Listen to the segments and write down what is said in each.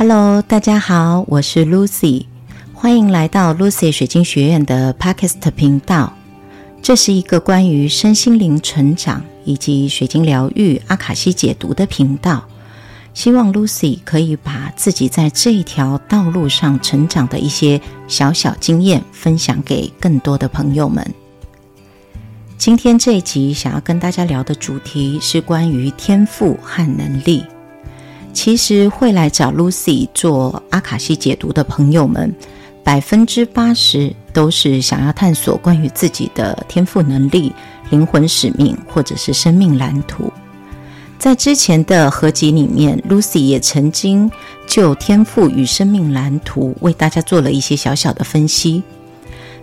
Hello，大家好，我是 Lucy，歡迎來到 Lucy 水晶學院的 Podcast 頻道。這是一個關於身心靈成長以及水晶療癒、阿卡西解讀的頻道。希望 Lucy 可以把自己在這一條道路上成長的一些小小經驗分享給更多的朋友們。今天這一集想要跟大家聊的主題是關於天賦和能力。其實會來找 Lucy 做阿卡西解讀的朋友們，百分之八十都是想要探索關於自己的天賦能力、靈魂使命或者是生命藍圖。在之前的合集裡面，Lucy 也曾經就天賦與生命藍圖為大家做了一些小小的分析。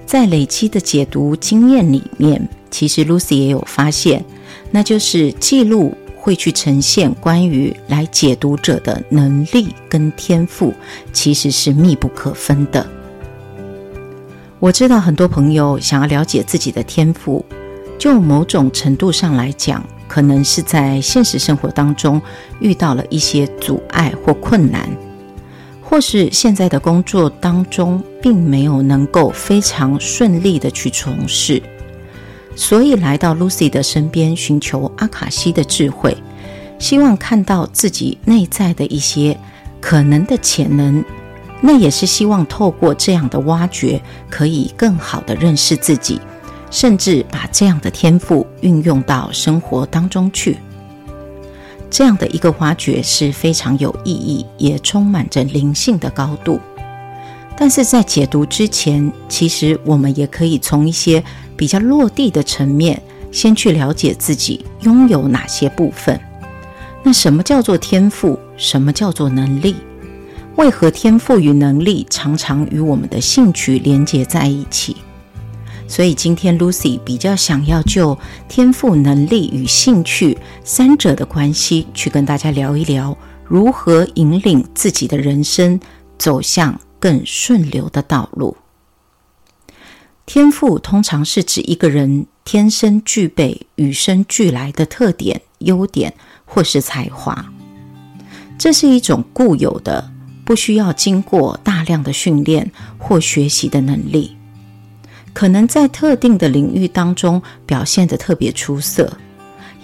在累積的解讀經驗裡面，其實 Lucy 也有發現，那就是記錄。會去呈現關於來解讀者的能力跟天賦，其實是密不可分的。我知道很多朋友想要了解自己的天賦，就某種程度上來講，可能是在現實生活當中遇到了一些阻礙或困難，或是現在的工作當中並沒有能夠非常順利的去從事。所以來到 Lucy 的身邊，尋求阿卡西的智慧，希望看到自己內在的一些可能的潛能。那也是希望透過這樣的挖掘，可以更好地認識自己，甚至把這樣的天賦運用到生活當中去。這樣的一個挖掘是非常有意義，也充滿着靈性的高度。但是在解讀之前，其實我們也可以從一些比較落地的層面，先去了解自己擁有哪些部分。那什麼叫做天賦？什麼叫做能力？為何天賦與能力常常與我們的興趣連接在一起？所以今天 Lucy 比較想要就天賦、能力與興趣三者的關係，去跟大家聊一聊，如何引領自己的人生走向更順流的道路。天賦通常是指一個人天生具備、與生俱來的特點、優點或是才華。這是一種固有的、不需要經過大量的訓練或學習的能力，可能在特定的領域當中表現得特別出色，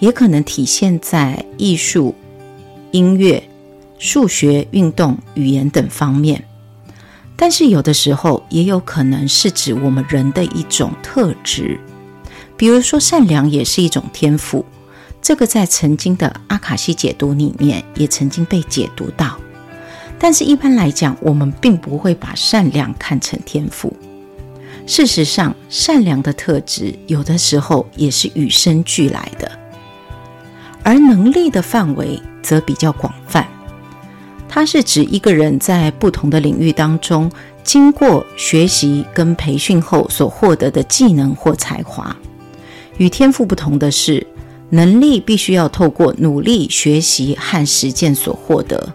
也可能體現在藝術、音樂、數學、運動、語言等方面。但是有的時候也有可能是指我們人的一種特質，比如說善良也是一種天賦，這個在曾經的阿卡西解讀裡面也曾經被解讀到。但是，一般來講，我們並不會把善良看成天賦。事實上，善良的特質有的時候也是與生俱來的，而能力的範圍則比較廣泛。它是指一個人在不同的領域當中，經過學習跟培訓後所獲得的技能或才華。與天賦不同的是，能力必須要透過努力學習和實踐所獲得，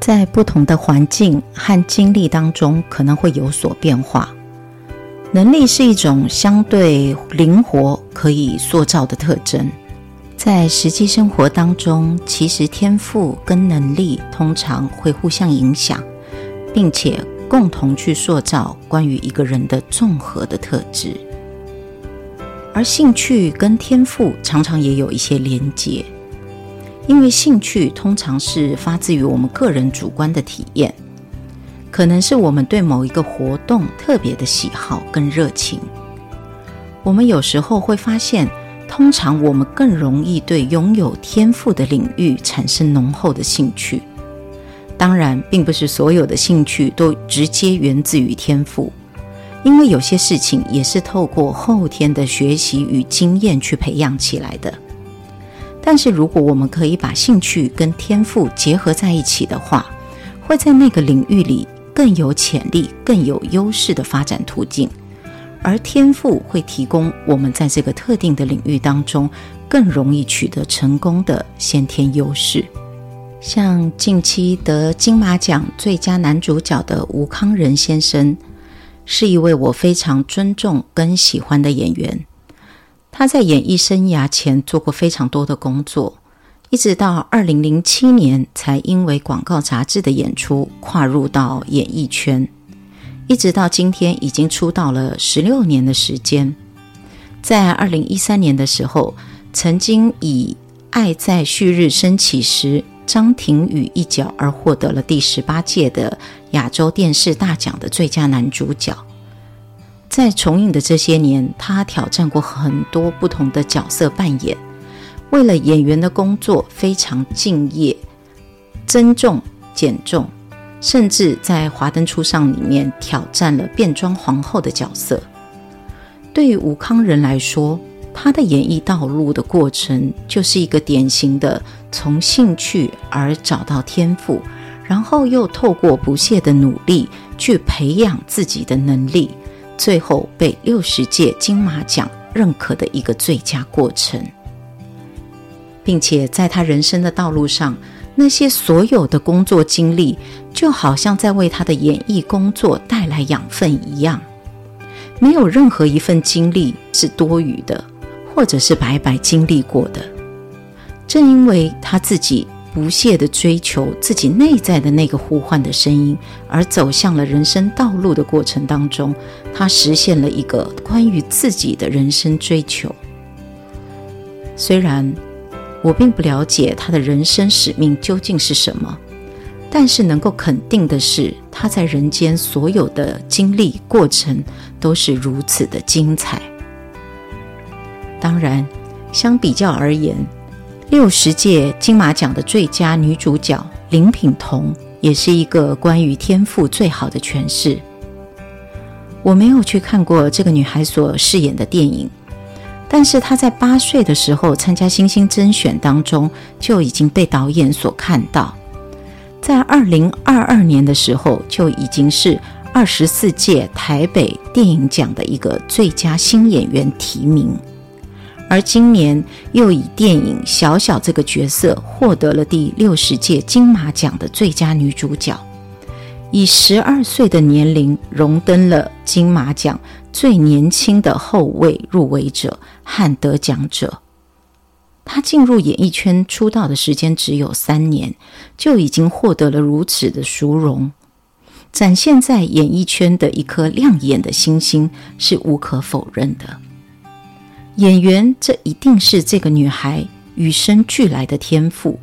在不同的環境和經歷當中可能會有所變化。能力是一種相對靈活、可以塑造的特徵。在實際生活當中，其實天賦跟能力通常會互相影響，並且共同去塑造關於一個人的綜合的特質。而興趣跟天賦常常也有一些連接，因為興趣通常是發自於我們個人主觀的體驗，可能是我們對某一個活動特別的喜好跟熱情。我們有時候會發現，通常我們更容易對擁有天賦的領域產生濃厚的興趣。當然，並不是所有的興趣都直接源自於天賦，因為有些事情也是透過後天的學習與經驗去培養起來的。但是如果我們可以把興趣跟天賦結合在一起的話，會在那個領域裡更有潛力、更有優勢的發展途徑。而天賦會提供我們在這個特定的領域當中更容易取得成功的先天優勢。像近期得金馬獎最佳男主角的吳康仁先生，是一位我非常尊重跟喜歡的演員。他在演藝生涯前做過非常多的工作，一直到二零零七年才因為廣告雜誌的演出跨入到演藝圈。一直到今天，已經出道了十六年的時間。在二零一三年的時候，曾經以《愛在旭日升起時》張庭宇一角而獲得了第十八屆的亞洲電視大獎的最佳男主角。在重影的這些年，他挑戰過很多不同的角色扮演，為了演員的工作非常敬業，增重減重。甚至在《華燈初上》裡面挑戰了變裝皇後的角色。對於吳慷仁來說，他的演藝道路的過程就是一個典型的從興趣而找到天賦，然後又透過不懈的努力去培養自己的能力，最後被六十屆金馬獎認可的一個最佳過程，並且在他人生的道路上。那些所有的工作經歷，就好像在為他的演藝工作帶來養分一樣，沒有任何一份經歷是多餘的，或者是白白經歷過的。正因為他自己不懈地追求自己內在的那個呼喚的聲音，而走向了人生道路的過程當中，他實現了一個關於自己的人生追求。雖然，我並不了解他的人生使命究竟是什麼，但是能夠肯定的是，他在人間所有的經歷過程都是如此的精彩。當然，相比較而言，六十屆金馬獎的最佳女主角林品彤也是一個關於天賦最好的詮釋。我沒有去看過這個女孩所飾演的電影。但是她在八歲的時候參加星星甄選當中就已經被導演所看到，在二零二二年的時候就已經是二十四屆台北電影獎的一個最佳新演員提名，而今年又以電影《小小》這個角色獲得了第六十屆金馬獎的最佳女主角，以十二歲的年齡榮登了金馬獎最年輕的後位入圍者。和得獎者，她進入演藝圈出道的時間只有三年，就已經獲得了如此的殊榮，展現在演藝圈的一顆亮眼的星星是無可否認的。演員，這一定是這個女孩與生俱來的天賦。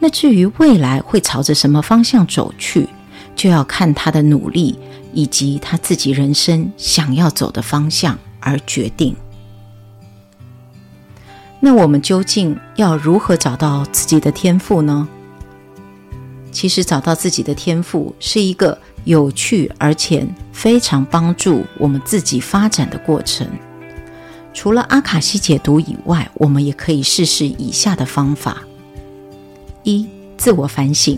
那至於未來會朝着什麼方向走去，就要看她的努力以及她自己人生想要走的方向而決定。那我們究竟要如何找到自己的天賦呢？其實找到自己的天賦是一個有趣而且非常幫助我們自己發展的過程。除了阿卡西解讀以外，我們也可以試試以下的方法：一、自我反省，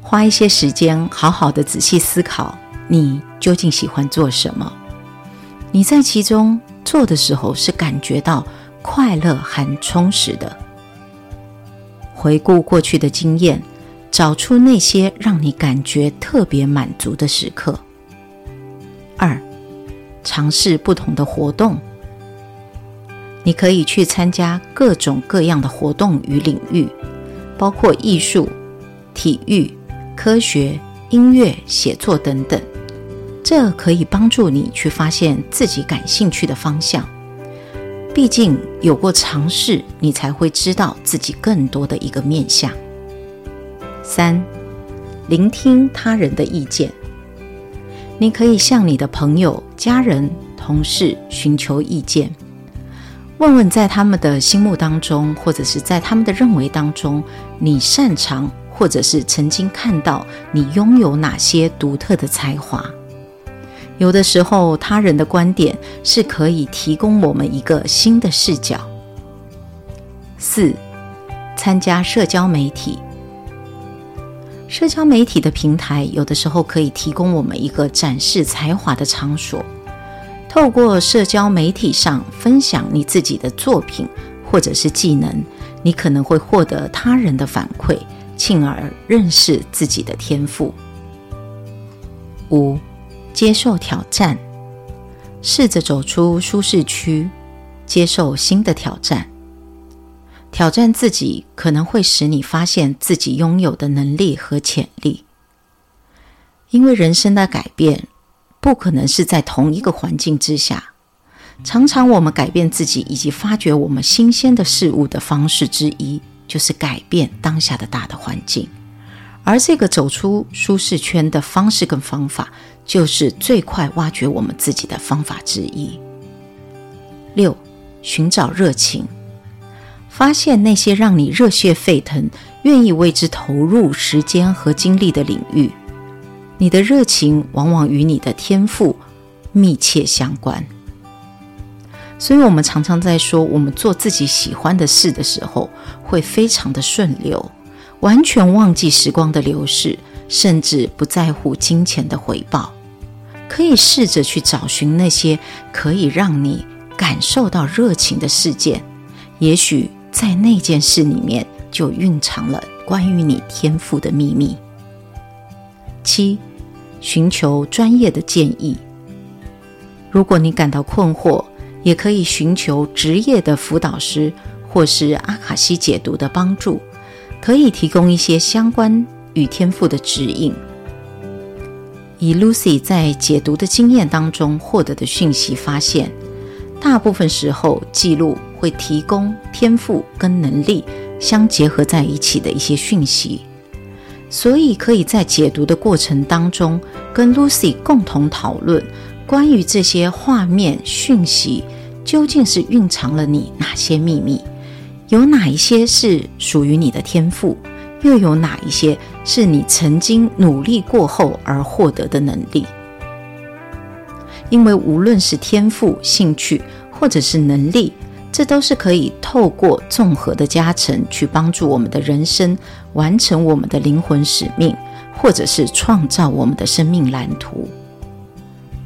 花一些時間好好的仔細思考，你究竟喜歡做什麼？你在其中做的時候是感覺到？快樂很充實的。回顧過去的經驗，找出那些讓你感覺特別滿足的時刻。二，嘗試不同的活動。你可以去參加各種各樣的活動與領域，包括藝術、體育、科學、音樂、寫作等等。這可以幫助你去發現自己感興趣的方向。畢竟有過嘗試，你才會知道自己更多的一個面向。三，聆聽他人的意見，你可以向你的朋友、家人、同事尋求意見，問問在他們的心目當中，或者是在他們的認為當中，你擅長，或者是曾經看到你擁有哪些獨特的才華。有的時候，他人的觀點是可以提供我們一個新的視角。四，參加社交媒體。社交媒體的平台有的時候可以提供我們一個展示才華的場所。透過社交媒體上分享你自己的作品或者是技能，你可能會獲得他人的反饋，進而認識自己的天賦。五。接受挑戰，試着走出舒適區，接受新的挑戰。挑戰自己可能會使你發現自己擁有的能力和潛力。因為人生的改變不可能是在同一個環境之下。常常我們改變自己以及發掘我們新鮮的事物的方式之一，就是改變當下的大的環境。而這個走出舒適圈的方式跟方法，就是最快挖掘我們自己的方法之一。六，尋找熱情，發現那些讓你熱血沸騰、願意為之投入時間和精力的領域。你的熱情往往與你的天賦密切相關，所以，我們常常在說，我們做自己喜歡的事的時候，會非常的順流。完全忘記時光的流逝，甚至不在乎金錢的回報，可以試着去找尋那些可以讓你感受到熱情的事件。也許在那件事裡面，就蘊藏了關於你天賦的秘密。七，尋求專業的建議。如果你感到困惑，也可以尋求職業的輔導師或是阿卡西解讀的幫助。可以提供一些相關與天賦的指引。以 Lucy 在解讀的經驗當中獲得的訊息發現，大部分時候記錄會提供天賦跟能力相結合在一起的一些訊息，所以可以在解讀的過程當中跟 Lucy 共同討論，關於這些畫面訊息究竟是蘊藏了你哪些秘密。有哪一些是屬於你的天賦，又有哪一些是你曾經努力過後而獲得的能力？因為無論是天賦、興趣，或者是能力，這都是可以透過綜合的加成，去幫助我們的人生完成我們的靈魂使命，或者是創造我們的生命藍圖。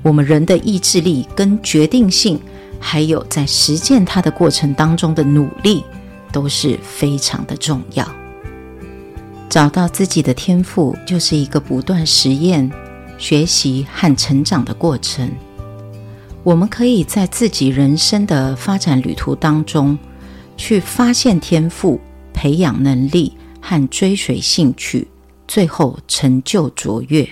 我們人的意志力跟決定性，還有在實踐它的過程當中的努力。都是非常的重要。找到自己的天賦，就是一個不斷實驗、學習和成長的過程。我們可以在自己人生的發展旅途當中，去發現天賦、培養能力和追隨興趣，最後成就卓越。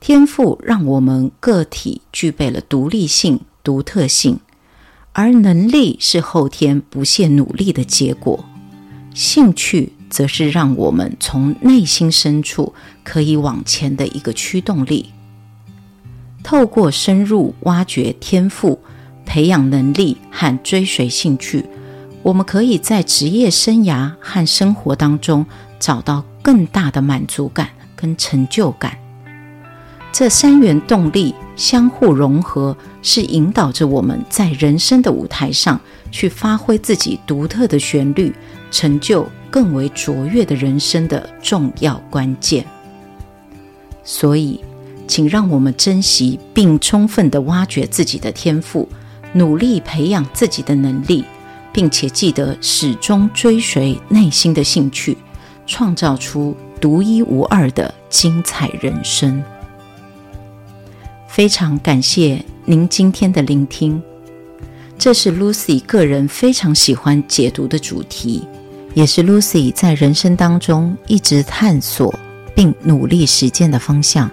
天賦讓我們個體具備了獨立性、獨特性。而能力是後天不懈努力的結果，興趣則是讓我們從內心深處可以往前的一個驅動力。透過深入挖掘天賦、培養能力和追隨興趣，我們可以在職業生涯和生活當中找到更大的滿足感跟成就感。這三元動力。相互融合是引導着我們在人生的舞台上去發揮自己獨特的旋律，成就更為卓越的人生的重要關鍵。所以，請讓我們珍惜並充分地挖掘自己的天賦，努力培養自己的能力，並且記得始終追隨內心的興趣，創造出獨一無二的精彩人生。非常感謝您今天的聆聽，這是 Lucy 個人非常喜歡解讀的主題，也是 Lucy 在人生當中一直探索並努力實踐的方向。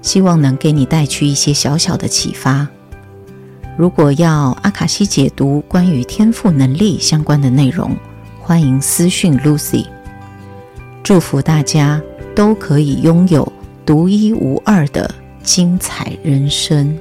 希望能給你帶去一些小小的啟發。如果要阿卡西解讀關於天賦能力相關的內容，歡迎私訊 Lucy。祝福大家都可以擁有獨一無二的。精彩人生。